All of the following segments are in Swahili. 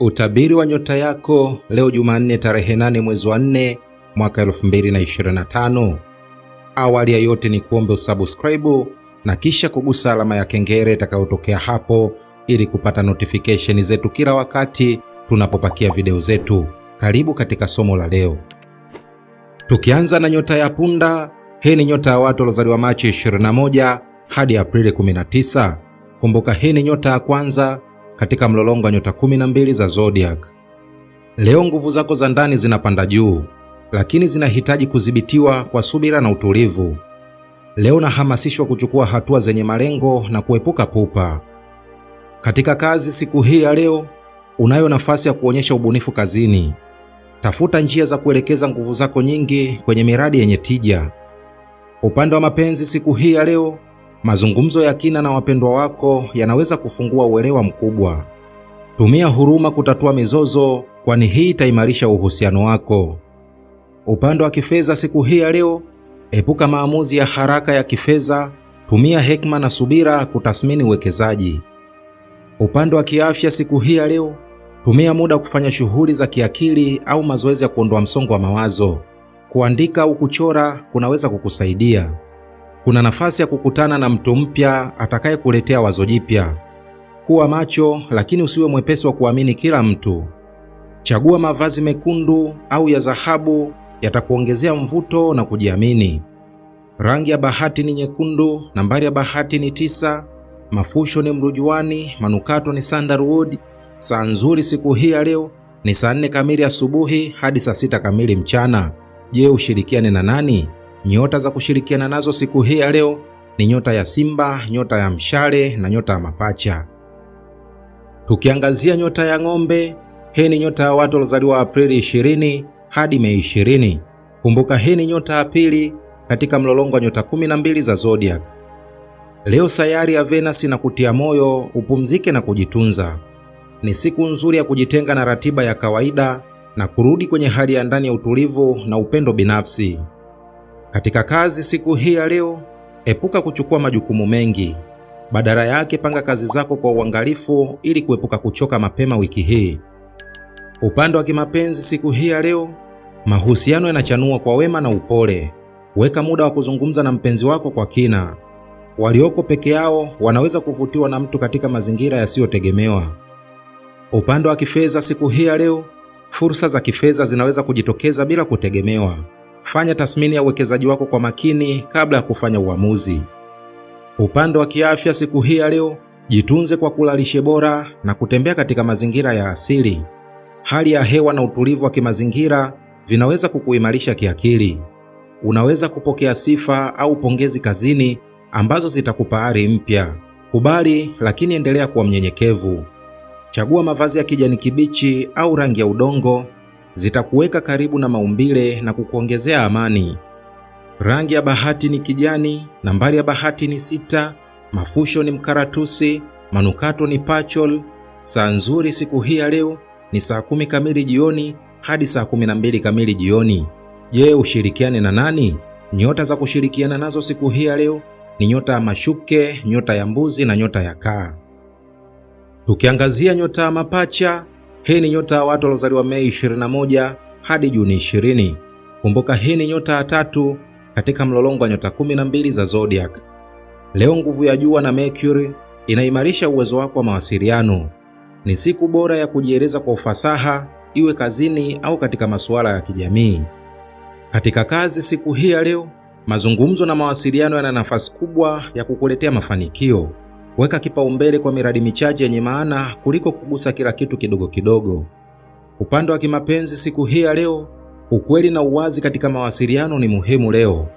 Utabiri wa nyota yako leo Jumanne tarehe 8 mwezi wa 4 mwaka 2025. Awali ya yote ni kuombe usubscribe na kisha kugusa alama ya kengele itakayotokea hapo ili kupata notification zetu kila wakati tunapopakia video zetu. Karibu katika somo la leo, tukianza na nyota ya punda. Hii ni nyota ya watu waliozaliwa Machi 21 hadi Aprili 19. Kumbuka, hii ni nyota ya kwanza katika mlolongo wa nyota 12 za zodiac. Leo nguvu zako za ndani zinapanda juu, lakini zinahitaji kudhibitiwa kwa subira na utulivu. Leo unahamasishwa kuchukua hatua zenye malengo na kuepuka pupa. Katika kazi siku hii ya leo, unayo nafasi ya kuonyesha ubunifu kazini. Tafuta njia za kuelekeza nguvu zako nyingi kwenye miradi yenye tija. Upande wa mapenzi siku hii ya leo, Mazungumzo ya kina na wapendwa wako yanaweza kufungua uelewa mkubwa. Tumia huruma kutatua mizozo, kwani hii itaimarisha uhusiano wako. Upande wa kifedha siku hii ya leo, epuka maamuzi ya haraka ya kifedha. Tumia hekima na subira kutathmini uwekezaji. Upande wa kiafya siku hii ya leo, tumia muda kufanya shughuli za kiakili au mazoezi ya kuondoa msongo wa mawazo. Kuandika au kuchora kunaweza kukusaidia kuna nafasi ya kukutana na mtu mpya atakayekuletea wazo jipya. Kuwa macho, lakini usiwe mwepesi wa kuamini kila mtu. Chagua mavazi mekundu au ya dhahabu, yatakuongezea mvuto na kujiamini. Rangi ya bahati ni nyekundu, nambari ya bahati ni tisa, mafusho ni mrujuani, manukato ni sandalwood. Saa nzuri siku hii ya leo ni saa nne kamili asubuhi hadi saa sita kamili mchana. Je, ushirikiane na nani? Nyota za kushirikiana nazo siku hii ya leo ni nyota ya Simba, nyota ya Mshale na nyota ya Mapacha. Tukiangazia nyota ya Ng'ombe, hii ni nyota ya watu waliozaliwa Aprili 20 hadi Mei 20. Kumbuka hii ni nyota ya pili katika mlolongo wa nyota 12 za zodiac. Leo sayari ya Venus na kutia moyo upumzike na kujitunza. Ni siku nzuri ya kujitenga na ratiba ya kawaida na kurudi kwenye hali ya ndani ya utulivu na upendo binafsi. Katika kazi siku hii ya leo, epuka kuchukua majukumu mengi. Badala yake, panga kazi zako kwa uangalifu ili kuepuka kuchoka mapema wiki hii. Upande wa kimapenzi siku hii ya leo, mahusiano yanachanua kwa wema na upole. Weka muda wa kuzungumza na mpenzi wako kwa kina. Walioko peke yao wanaweza kuvutiwa na mtu katika mazingira yasiyotegemewa. Upande wa kifedha siku hii ya leo, fursa za kifedha zinaweza kujitokeza bila kutegemewa fanya tathmini ya uwekezaji wako kwa makini kabla ya kufanya uamuzi. Upande wa kiafya, siku hii ya leo, jitunze kwa kula lishe bora na kutembea katika mazingira ya asili. Hali ya hewa na utulivu wa kimazingira vinaweza kukuimarisha kiakili. Unaweza kupokea sifa au pongezi kazini ambazo zitakupa ari mpya. Kubali, lakini endelea kuwa mnyenyekevu. Chagua mavazi ya kijani kibichi au rangi ya udongo zitakuweka karibu na maumbile na kukuongezea amani. Rangi ya bahati ni kijani, nambari ya bahati ni sita, mafusho ni mkaratusi, manukato ni pachol. Saa nzuri siku hii ya leo ni saa kumi kamili jioni hadi saa kumi na mbili kamili jioni. Je, ushirikiane na nani? Nyota za kushirikiana nazo siku hii ya leo ni nyota ya mashuke, nyota ya mbuzi na nyota ya kaa. Tukiangazia nyota ya mapacha, hii ni nyota ya watu waliozaliwa Mei 21 hadi Juni 20. Kumbuka hii ni nyota ya tatu katika mlolongo wa nyota 12 za zodiac. Leo nguvu ya jua na Mercury inaimarisha uwezo wako wa mawasiliano. Ni siku bora ya kujieleza kwa ufasaha, iwe kazini au katika masuala ya kijamii. Katika kazi siku hii ya leo, mazungumzo na mawasiliano yana nafasi kubwa ya kukuletea mafanikio. Weka kipaumbele kwa miradi michache yenye maana kuliko kugusa kila kitu kidogo kidogo. Upande wa kimapenzi siku hii ya leo, ukweli na uwazi katika mawasiliano ni muhimu leo.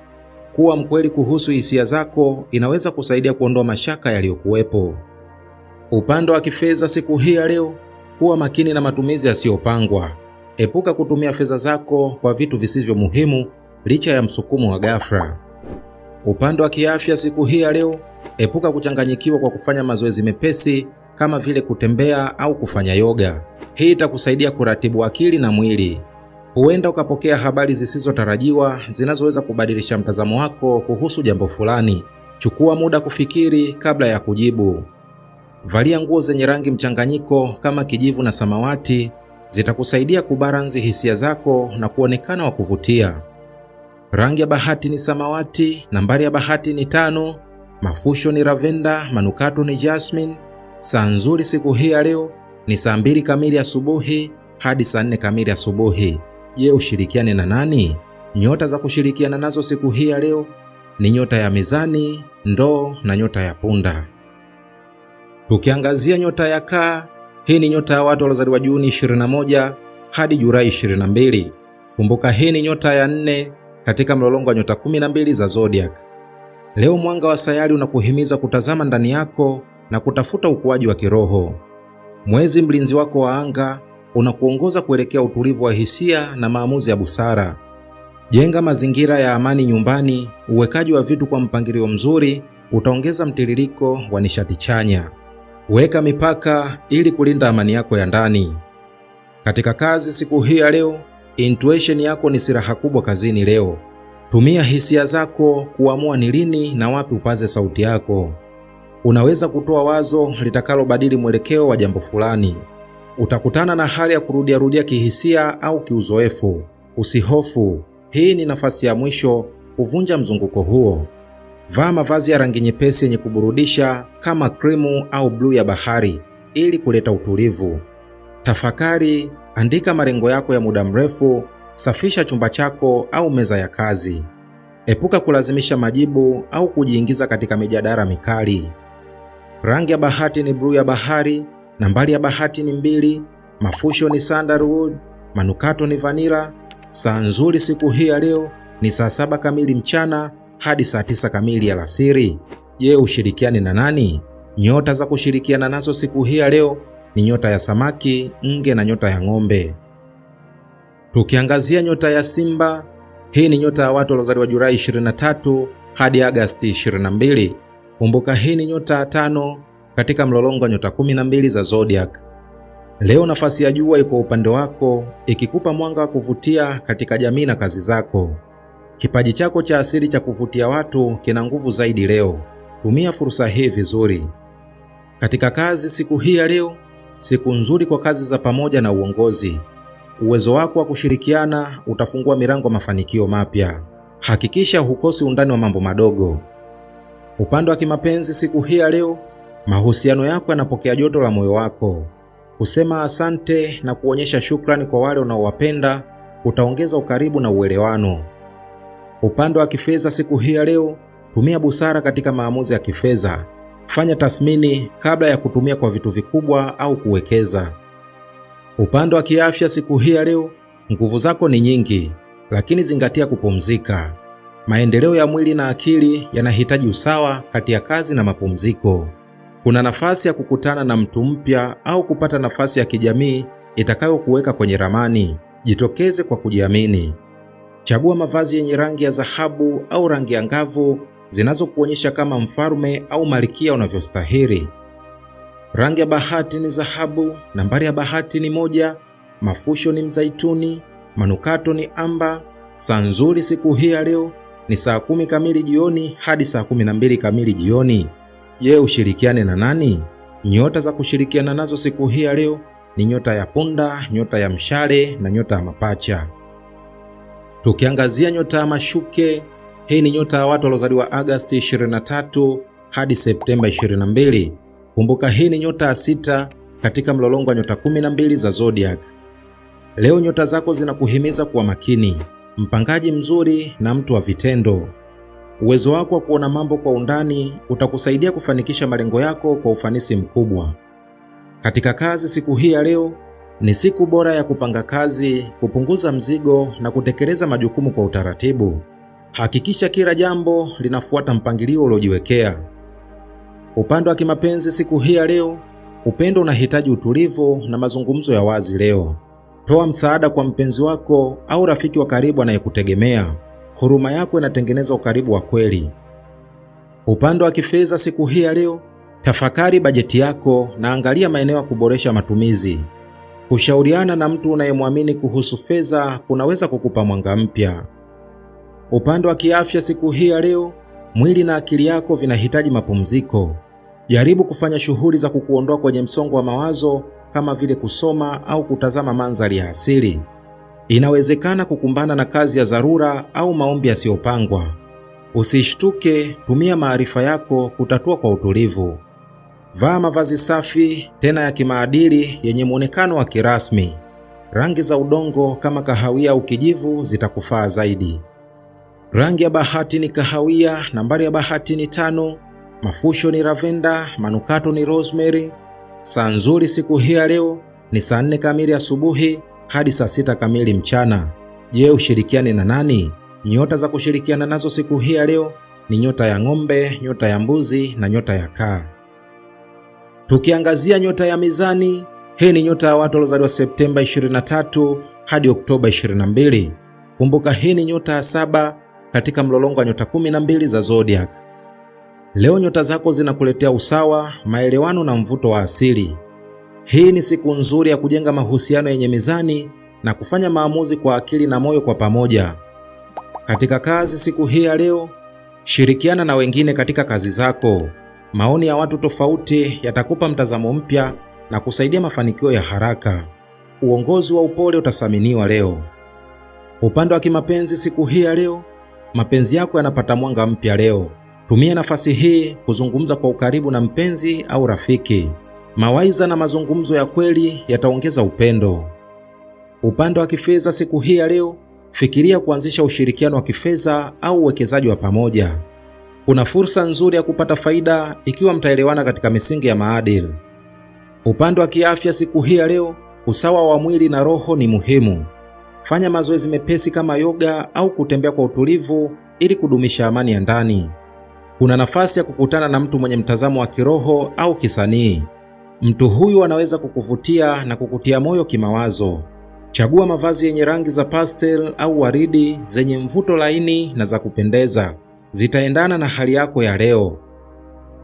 Kuwa mkweli kuhusu hisia zako inaweza kusaidia kuondoa mashaka yaliyokuwepo. Upande wa kifedha siku hii ya leo, kuwa makini na matumizi yasiyopangwa. Epuka kutumia fedha zako kwa vitu visivyo muhimu licha ya msukumo wa ghafla. Upande wa kiafya siku hii ya leo, epuka kuchanganyikiwa kwa kufanya mazoezi mepesi kama vile kutembea au kufanya yoga. Hii itakusaidia kuratibu akili na mwili. Huenda ukapokea habari zisizotarajiwa zinazoweza kubadilisha mtazamo wako kuhusu jambo fulani. Chukua muda kufikiri kabla ya kujibu. Valia nguo zenye rangi mchanganyiko kama kijivu na samawati, zitakusaidia kubalansi hisia zako na kuonekana wa kuvutia. Rangi ya bahati ni samawati, nambari ya bahati ni tano, mafusho ni ravenda, manukato ni jasmine. Saa nzuri siku hii ya leo ni saa mbili kamili asubuhi hadi saa nne kamili asubuhi. Je, ushirikiane na nani? Nyota za kushirikiana nazo siku hii ya leo ni nyota ya mizani, ndoo na nyota ya punda. Tukiangazia nyota ya kaa, hii ni nyota ya watu waliozaliwa Juni 21 hadi Julai 22. Kumbuka hii ni nyota ya nne katika mlolongo wa nyota 12 za zodiac. Leo mwanga wa sayari unakuhimiza kutazama ndani yako na kutafuta ukuaji wa kiroho. Mwezi mlinzi wako wa anga unakuongoza kuelekea utulivu wa hisia na maamuzi ya busara. Jenga mazingira ya amani nyumbani. Uwekaji wa vitu kwa mpangilio mzuri utaongeza mtiririko wa nishati chanya. Weka mipaka ili kulinda amani yako ya ndani. Katika kazi siku hii ya leo, Intuition yako ni silaha kubwa kazini leo. Tumia hisia zako kuamua ni lini na wapi upaze sauti yako. Unaweza kutoa wazo litakalobadili mwelekeo wa jambo fulani. Utakutana na hali ya kurudiarudia kihisia au kiuzoefu. Usihofu, hii ni nafasi ya mwisho kuvunja mzunguko huo. Vaa mavazi ya rangi nyepesi yenye kuburudisha kama krimu au bluu ya bahari ili kuleta utulivu. Tafakari Andika malengo yako ya muda mrefu, safisha chumba chako au meza ya kazi. Epuka kulazimisha majibu au kujiingiza katika mijadala mikali. Rangi ya bahati ni bluu ya bahari, nambari ya bahati ni mbili, mafusho ni sandalwood, manukato ni vanila. Saa nzuri siku hii ya leo ni saa saba kamili mchana hadi saa tisa kamili alasiri. Je, ushirikiani na nani? Nyota za kushirikiana nazo siku hii ya leo ni nyota ya samaki, nge na nyota ya ng'ombe. Tukiangazia nyota ya Simba, hii ni nyota ya watu waliozaliwa Julai 23 hadi Agasti 22. Kumbuka hii ni nyota ya tano katika mlolongo wa nyota 12 za zodiac. Leo nafasi ya jua iko upande wako, ikikupa mwanga wa kuvutia katika jamii na kazi zako. Kipaji chako cha asili cha kuvutia watu kina nguvu zaidi leo. Tumia fursa hii vizuri. Katika kazi siku hii ya leo, siku nzuri kwa kazi za pamoja na uongozi. Uwezo wako wa kushirikiana utafungua milango ya mafanikio mapya. Hakikisha hukosi undani wa mambo madogo. Upande wa kimapenzi siku hii ya leo, mahusiano yako yanapokea joto la moyo wako. Kusema asante na kuonyesha shukrani kwa wale unaowapenda utaongeza ukaribu na uelewano. Upande wa kifedha siku hii ya leo, tumia busara katika maamuzi ya kifedha Fanya tathmini kabla ya kutumia kwa vitu vikubwa au kuwekeza. Upande wa kiafya siku hii ya leo, nguvu zako ni nyingi, lakini zingatia kupumzika. Maendeleo ya mwili na akili yanahitaji usawa kati ya kazi na mapumziko. Kuna nafasi ya kukutana na mtu mpya au kupata nafasi ya kijamii itakayokuweka kwenye ramani. Jitokeze kwa kujiamini. Chagua mavazi yenye rangi ya dhahabu au rangi angavu zinazokuonyesha kama mfalme au malikia unavyostahili. Rangi ya bahati ni dhahabu, nambari ya bahati ni moja, mafusho ni mzaituni, manukato ni amba. Saa nzuri siku hii ya leo ni saa kumi kamili jioni hadi saa kumi na mbili kamili jioni. Je, ushirikiane na nani? Nyota za kushirikiana nazo siku hii ya leo ni nyota ya punda, nyota ya mshale na nyota ya mapacha. Tukiangazia nyota ya mashuke, hii ni nyota ya watu waliozaliwa Agosti 23 hadi Septemba 22. Kumbuka hii ni nyota ya sita katika mlolongo wa nyota 12 za zodiac. Leo nyota zako zinakuhimiza kuwa makini, mpangaji mzuri na mtu wa vitendo. Uwezo wako wa kuona mambo kwa undani utakusaidia kufanikisha malengo yako kwa ufanisi mkubwa. Katika kazi siku hii ya leo ni siku bora ya kupanga kazi, kupunguza mzigo na kutekeleza majukumu kwa utaratibu. Hakikisha kila jambo linafuata mpangilio uliojiwekea. Upande wa kimapenzi siku hii ya leo, upendo unahitaji utulivu na mazungumzo ya wazi leo. Toa msaada kwa mpenzi wako au rafiki wa karibu anayekutegemea. Huruma yako inatengeneza ukaribu wa kweli. Upande wa kifedha siku hii ya leo, tafakari bajeti yako na angalia maeneo ya kuboresha matumizi. Kushauriana na mtu unayemwamini kuhusu fedha kunaweza kukupa mwanga mpya. Upande wa kiafya siku hii ya leo, mwili na akili yako vinahitaji mapumziko. Jaribu kufanya shughuli za kukuondoa kwenye msongo wa mawazo kama vile kusoma au kutazama mandhari ya asili. Inawezekana kukumbana na kazi ya dharura au maombi yasiyopangwa. Usishtuke, tumia maarifa yako kutatua kwa utulivu. Vaa mavazi safi tena ya kimaadili yenye mwonekano wa kirasmi. Rangi za udongo kama kahawia au kijivu zitakufaa zaidi. Rangi ya bahati ni kahawia, nambari ya bahati ni tano, mafusho ni ravenda, manukato ni rosemary. Saa nzuri siku hii ya leo ni saa nne kamili asubuhi hadi saa sita kamili mchana. Je, ushirikiane na nani? Nyota za kushirikiana nazo siku hii ya leo ni nyota ya ng'ombe, nyota ya mbuzi na nyota ya kaa. Tukiangazia nyota ya mizani, hii ni nyota ya watu waliozaliwa Septemba 23 hadi Oktoba 22. Kumbuka hii ni nyota ya saba katika mlolongo wa nyota 12 za zodiac. Leo nyota zako zinakuletea usawa, maelewano na mvuto wa asili. Hii ni siku nzuri ya kujenga mahusiano yenye mizani na kufanya maamuzi kwa akili na moyo kwa pamoja. Katika kazi siku hii ya leo, shirikiana na wengine katika kazi zako. Maoni ya watu tofauti yatakupa mtazamo mpya na kusaidia mafanikio ya haraka. Uongozi wa upole utathaminiwa leo. Upande wa kimapenzi siku hii ya leo, Mapenzi yako yanapata mwanga mpya leo. Tumia nafasi hii kuzungumza kwa ukaribu na mpenzi au rafiki. Mawaidha na mazungumzo ya kweli yataongeza upendo. Upande wa kifedha siku hii ya leo, fikiria kuanzisha ushirikiano wa kifedha au uwekezaji wa pamoja. Kuna fursa nzuri ya kupata faida ikiwa mtaelewana katika misingi ya maadili. Upande wa kiafya siku hii ya leo, usawa wa mwili na roho ni muhimu. Fanya mazoezi mepesi kama yoga au kutembea kwa utulivu ili kudumisha amani ya ndani. Kuna nafasi ya kukutana na mtu mwenye mtazamo wa kiroho au kisanii. Mtu huyu anaweza kukuvutia na kukutia moyo kimawazo. Chagua mavazi yenye rangi za pastel au waridi zenye mvuto laini na za kupendeza, zitaendana na hali yako ya leo.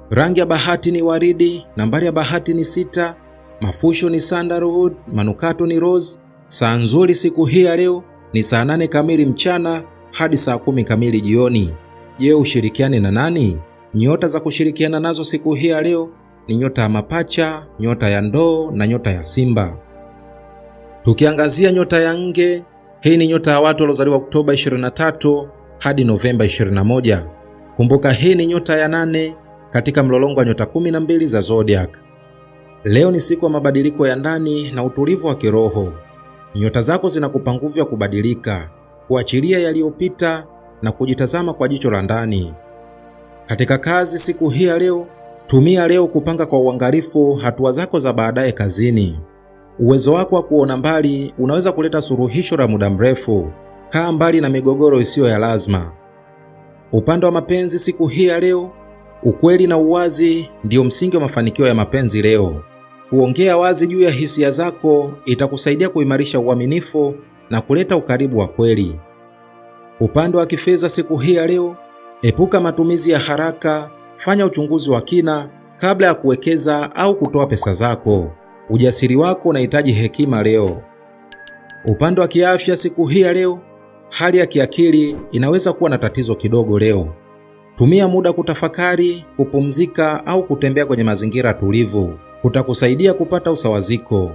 Rangi ya bahati ni waridi, nambari ya bahati ni sita, mafusho ni sandalwood, manukato ni rose, Saa nzuri siku hii ya leo ni saa nane kamili mchana hadi saa kumi kamili jioni. Je, ushirikiane na nani? Nyota za kushirikiana nazo siku hii ya leo ni nyota ya mapacha, nyota ya ndoo na nyota ya simba. Tukiangazia nyota ya nge, hii ni nyota ya watu waliozaliwa Oktoba 23 hadi Novemba 21. Kumbuka hii ni nyota ya nane katika mlolongo wa nyota 12 za zodiac. Leo ni siku ya mabadiliko ya ndani na utulivu wa kiroho. Nyota zako zinakupa nguvu ya kubadilika, kuachilia yaliyopita na kujitazama kwa jicho la ndani. Katika kazi siku hii ya leo, tumia leo kupanga kwa uangalifu hatua zako za baadaye kazini. Uwezo wako wa kuona mbali unaweza kuleta suluhisho la muda mrefu. Kaa mbali na migogoro isiyo ya lazima. Upande wa mapenzi siku hii ya leo, ukweli na uwazi ndio msingi wa mafanikio ya mapenzi leo. Kuongea wazi juu ya hisia zako itakusaidia kuimarisha uaminifu na kuleta ukaribu wa kweli. Upande wa kifedha siku hii ya leo, epuka matumizi ya haraka, fanya uchunguzi wa kina kabla ya kuwekeza au kutoa pesa zako. Ujasiri wako unahitaji hekima leo. Upande wa kiafya siku hii ya leo, hali ya kiakili inaweza kuwa na tatizo kidogo leo. Tumia muda kutafakari, kupumzika au kutembea kwenye mazingira tulivu kutakusaidia kupata usawaziko.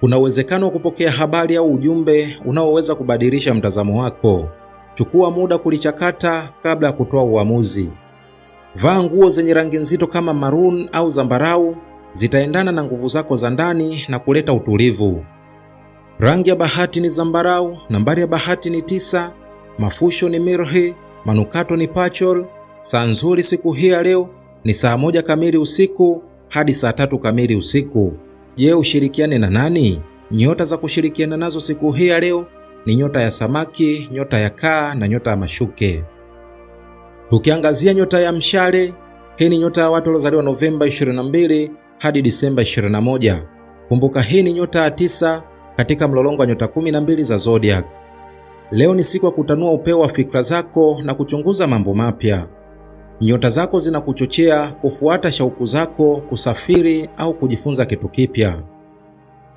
Kuna uwezekano wa kupokea habari au ujumbe unaoweza kubadilisha mtazamo wako. Chukua muda kulichakata kabla ya kutoa uamuzi. Vaa nguo zenye rangi nzito kama maroon au zambarau, zitaendana na nguvu zako za ndani na kuleta utulivu. Rangi ya bahati ni zambarau, nambari ya bahati ni tisa, mafusho ni mirhi, manukato ni pachol. Saa nzuri siku hii ya leo ni saa moja kamili usiku hadi saa tatu kamili usiku. Je, ushirikiane na nani? Nyota za kushirikiana nazo siku hii ya leo ni nyota ya samaki, nyota ya kaa na nyota ya mashuke. Tukiangazia nyota ya mshale, hii ni nyota ya watu waliozaliwa Novemba 22 hadi Disemba 21. Kumbuka hii ni nyota ya tisa katika mlolongo wa nyota 12 za zodiac. Leo ni siku ya kutanua upeo wa fikra zako na kuchunguza mambo mapya. Nyota zako zinakuchochea kufuata shauku zako, kusafiri au kujifunza kitu kipya.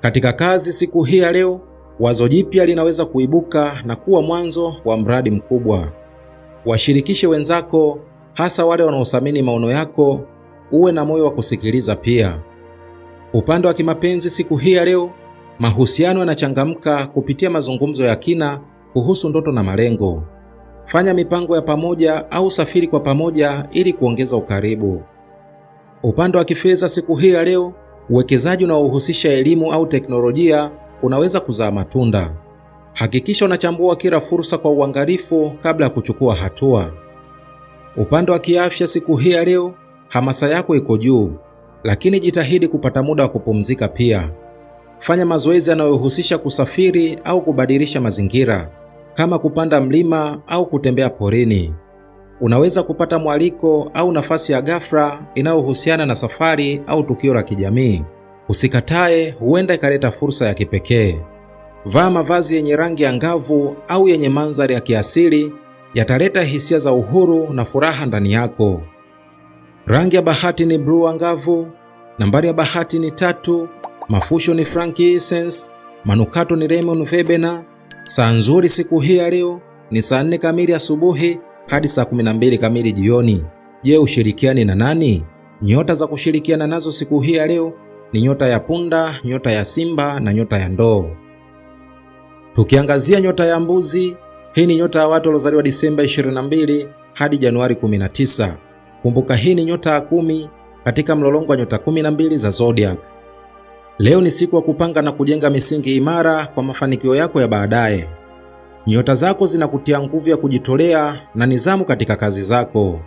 Katika kazi siku hii ya leo, wazo jipya linaweza kuibuka na kuwa mwanzo wa mradi mkubwa. Washirikishe wenzako, hasa wale wanaothamini maono yako. Uwe na moyo wa kusikiliza pia. Upande wa kimapenzi siku hii ya leo, mahusiano yanachangamka kupitia mazungumzo ya kina kuhusu ndoto na malengo. Fanya mipango ya pamoja au safiri kwa pamoja ili kuongeza ukaribu. Upande wa kifedha siku hii ya leo, uwekezaji unaohusisha elimu au teknolojia unaweza kuzaa matunda. Hakikisha unachambua kila fursa kwa uangalifu kabla ya kuchukua hatua. Upande wa kiafya siku hii ya leo, hamasa yako iko juu, lakini jitahidi kupata muda wa kupumzika pia. Fanya mazoezi yanayohusisha kusafiri au kubadilisha mazingira kama kupanda mlima au kutembea porini. Unaweza kupata mwaliko au nafasi ya ghafla inayohusiana na safari au tukio la kijamii. Usikatae, huenda ikaleta fursa ya kipekee. Vaa mavazi yenye rangi angavu au yenye mandhari ya kiasili, yataleta hisia za uhuru na furaha ndani yako. Rangi ya bahati ni bluu angavu. Nambari ya bahati ni tatu. Mafusho ni frankincense. Manukato ni lemon verbena. Saa nzuri siku hii ya leo ni saa nne kamili asubuhi hadi saa 12 kamili jioni. Je, ushirikiani na nani? Nyota za kushirikiana nazo siku hii ya leo ni nyota ya punda, nyota ya simba na nyota ya ndoo. Tukiangazia nyota ya mbuzi, hii ni nyota ya watu waliozaliwa Disemba 22 hadi Januari 19. Kumbuka hii ni nyota ya kumi katika mlolongo wa nyota 12 za zodiac. Leo ni siku ya kupanga na kujenga misingi imara kwa mafanikio yako ya baadaye. Nyota zako zinakutia nguvu ya kujitolea na nidhamu katika kazi zako.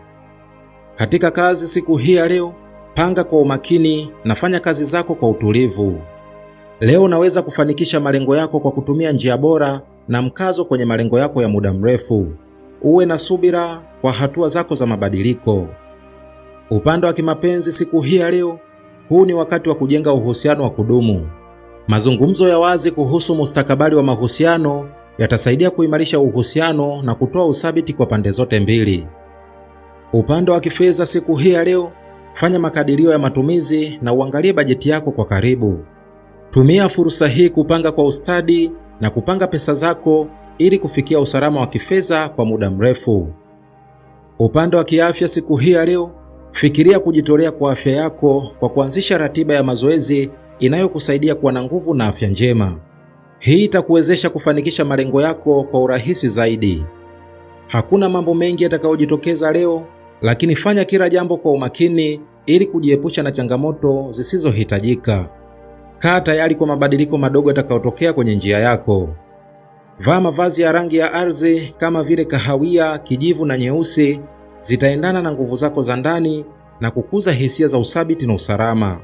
Katika kazi siku hii ya leo, panga kwa umakini na fanya kazi zako kwa utulivu. Leo unaweza kufanikisha malengo yako kwa kutumia njia bora na mkazo kwenye malengo yako ya muda mrefu. Uwe na subira kwa hatua zako za mabadiliko. Upande wa kimapenzi siku hii ya leo, huu ni wakati wa kujenga uhusiano wa kudumu. Mazungumzo ya wazi kuhusu mustakabali wa mahusiano yatasaidia kuimarisha uhusiano na kutoa uthabiti kwa pande zote mbili. Upande wa kifedha siku hii ya leo, fanya makadirio ya matumizi na uangalie bajeti yako kwa karibu. Tumia fursa hii kupanga kwa ustadi na kupanga pesa zako ili kufikia usalama wa kifedha kwa muda mrefu. Upande wa kiafya siku hii ya leo, Fikiria kujitolea kwa afya yako kwa kuanzisha ratiba ya mazoezi inayokusaidia kuwa na nguvu na afya njema. Hii itakuwezesha kufanikisha malengo yako kwa urahisi zaidi. Hakuna mambo mengi yatakayojitokeza leo, lakini fanya kila jambo kwa umakini ili kujiepusha na changamoto zisizohitajika. Kaa tayari kwa mabadiliko madogo yatakayotokea kwenye njia yako. Vaa mavazi ya rangi ya ardhi kama vile kahawia, kijivu na nyeusi zitaendana na nguvu zako za ndani na kukuza hisia za uthabiti na usalama.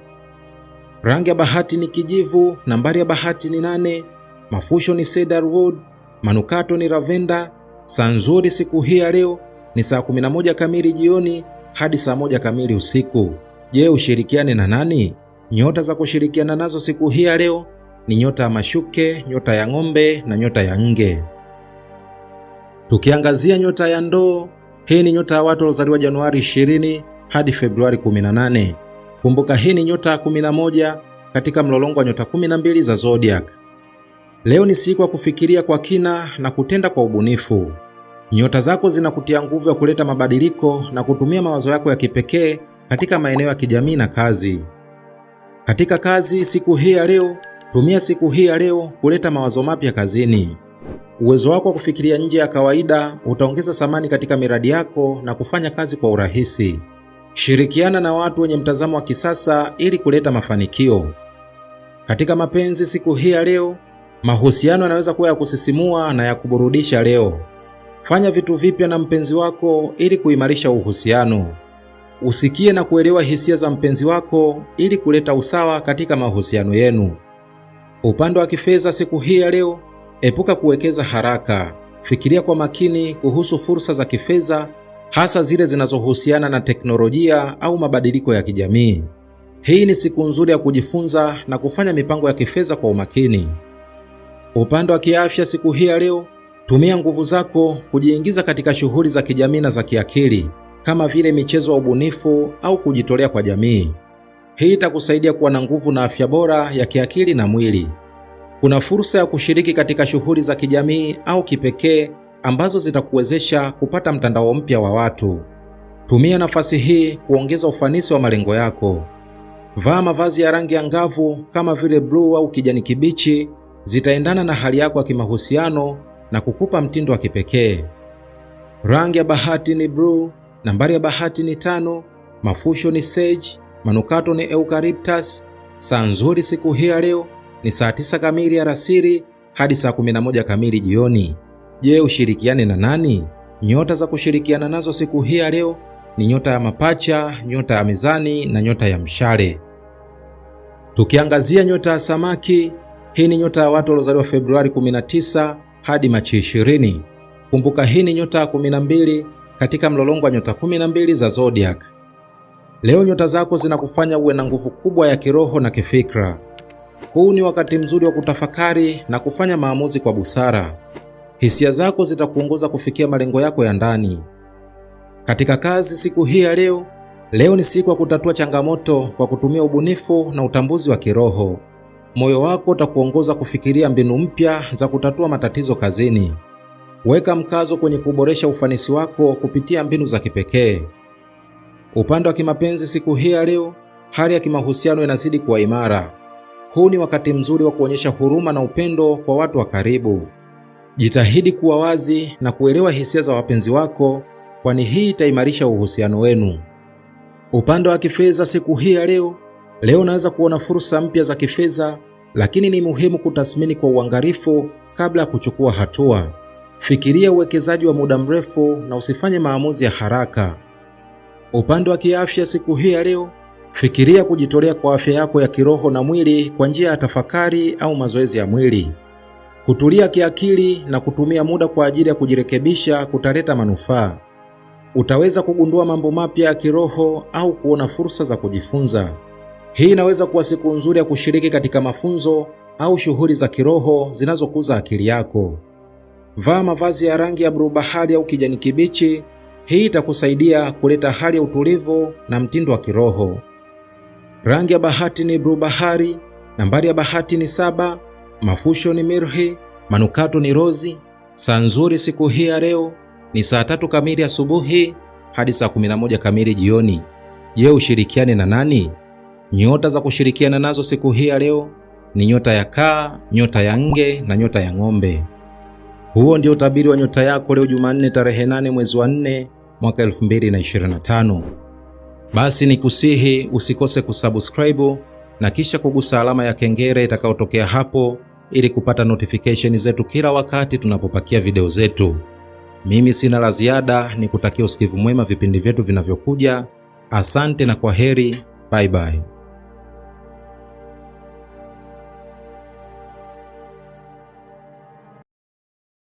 Rangi ya bahati ni kijivu, nambari ya bahati ni nane, mafusho ni cedarwood, manukato ni lavenda. Saa nzuri siku hii ya leo ni saa 11 kamili jioni hadi saa moja kamili usiku. Je, ushirikiane na nani? Nyota za kushirikiana nazo siku hii ya leo ni nyota ya mashuke, nyota ya ng'ombe na nyota ya nge. Tukiangazia nyota ya ndoo hii ni nyota ya watu waliozaliwa Januari 20 hadi Februari 18. Kumbuka hii ni nyota ya 11 katika mlolongo wa nyota 12 za zodiac. Leo ni siku ya kufikiria kwa kina na kutenda kwa ubunifu. Nyota zako zinakutia nguvu ya kuleta mabadiliko na kutumia mawazo yako ya kipekee katika maeneo ya kijamii na kazi. Katika kazi siku hii ya leo, tumia siku hii ya leo kuleta mawazo mapya kazini. Uwezo wako wa kufikiria nje ya kawaida utaongeza thamani katika miradi yako na kufanya kazi kwa urahisi. Shirikiana na watu wenye mtazamo wa kisasa ili kuleta mafanikio. Katika mapenzi siku hii ya leo, mahusiano yanaweza kuwa ya kusisimua na ya kuburudisha leo. Fanya vitu vipya na mpenzi wako ili kuimarisha uhusiano. Usikie na kuelewa hisia za mpenzi wako ili kuleta usawa katika mahusiano yenu. Upande wa kifedha siku hii ya leo, Epuka kuwekeza haraka. Fikiria kwa makini kuhusu fursa za kifedha, hasa zile zinazohusiana na teknolojia au mabadiliko ya kijamii. Hii ni siku nzuri ya kujifunza na kufanya mipango ya kifedha kwa umakini. Upande wa kiafya, siku hii ya leo, tumia nguvu zako kujiingiza katika shughuli za kijamii na za kiakili kama vile michezo ya ubunifu au kujitolea kwa jamii. Hii itakusaidia kuwa na nguvu na afya bora ya kiakili na mwili. Kuna fursa ya kushiriki katika shughuli za kijamii au kipekee ambazo zitakuwezesha kupata mtandao mpya wa watu. Tumia nafasi hii kuongeza ufanisi wa malengo yako. Vaa mavazi ya rangi angavu kama vile bluu au kijani kibichi, zitaendana na hali yako ya kimahusiano na kukupa mtindo wa kipekee. Rangi ya bahati ni bluu, nambari ya bahati ni tano, mafusho ni sage, manukato ni eucalyptus. Saa nzuri siku hii ya leo ni saa 9 kamili alasiri hadi saa moja kamili jioni. Je, ushirikiane na nani? Nyota za kushirikiana nazo siku hii ya leo ni nyota ya mapacha, nyota ya mizani na nyota ya mshale. Tukiangazia nyota ya samaki, hii ni nyota ya watu waliozaliwa Februari 19 hadi Machi 20. Kumbuka hii ni nyota ya 12 katika mlolongo wa nyota 12 za zodiac. Leo nyota zako zinakufanya uwe na nguvu kubwa ya kiroho na kifikra. Huu ni wakati mzuri wa kutafakari na kufanya maamuzi kwa busara. Hisia zako zitakuongoza kufikia malengo yako ya ndani. Katika kazi siku hii ya leo, leo ni siku ya kutatua changamoto kwa kutumia ubunifu na utambuzi wa kiroho. Moyo wako utakuongoza kufikiria mbinu mpya za kutatua matatizo kazini. Weka mkazo kwenye kuboresha ufanisi wako kupitia mbinu za kipekee. Upande wa kimapenzi siku hii ya leo, hali ya kimahusiano inazidi kuwa imara. Huu ni wakati mzuri wa kuonyesha huruma na upendo kwa watu wa karibu. Jitahidi kuwa wazi na kuelewa hisia za wapenzi wako, kwani hii itaimarisha uhusiano wenu. Upande wa kifedha siku hii ya leo, leo unaweza kuona fursa mpya za kifedha, lakini ni muhimu kutathmini kwa uangalifu kabla ya kuchukua hatua. Fikiria uwekezaji wa muda mrefu na usifanye maamuzi ya haraka. Upande wa kiafya siku hii ya leo, Fikiria kujitolea kwa afya yako ya kiroho na mwili kwa njia ya tafakari au mazoezi ya mwili. Kutulia kiakili na kutumia muda kwa ajili ya kujirekebisha kutaleta manufaa. Utaweza kugundua mambo mapya ya kiroho au kuona fursa za kujifunza. Hii inaweza kuwa siku nzuri ya kushiriki katika mafunzo au shughuli za kiroho zinazokuza akili yako. Vaa mavazi ya rangi ya bluu bahari au kijani kibichi. Hii itakusaidia kuleta hali ya utulivu na mtindo wa kiroho. Rangi ya bahati ni bluu bahari, nambari ya bahati ni saba, mafusho ni mirhi, manukato ni rozi. Saa nzuri siku hii ya leo ni saa tatu kamili asubuhi hadi saa 11 kamili jioni. Je, ushirikiane na nani? Nyota za kushirikiana nazo siku hii ya leo ni nyota ya kaa, nyota ya nge na nyota ya ng'ombe. Huo ndio utabiri wa nyota yako leo Jumanne tarehe 8 mwezi wa 4 mwaka 2025. Basi ni kusihi usikose kusubscribe na kisha kugusa alama ya kengele itakayotokea hapo ili kupata notification zetu kila wakati tunapopakia video zetu. Mimi sina la ziada, ni kutakia usikivu mwema vipindi vyetu vinavyokuja. Asante na kwa heri, bye bye.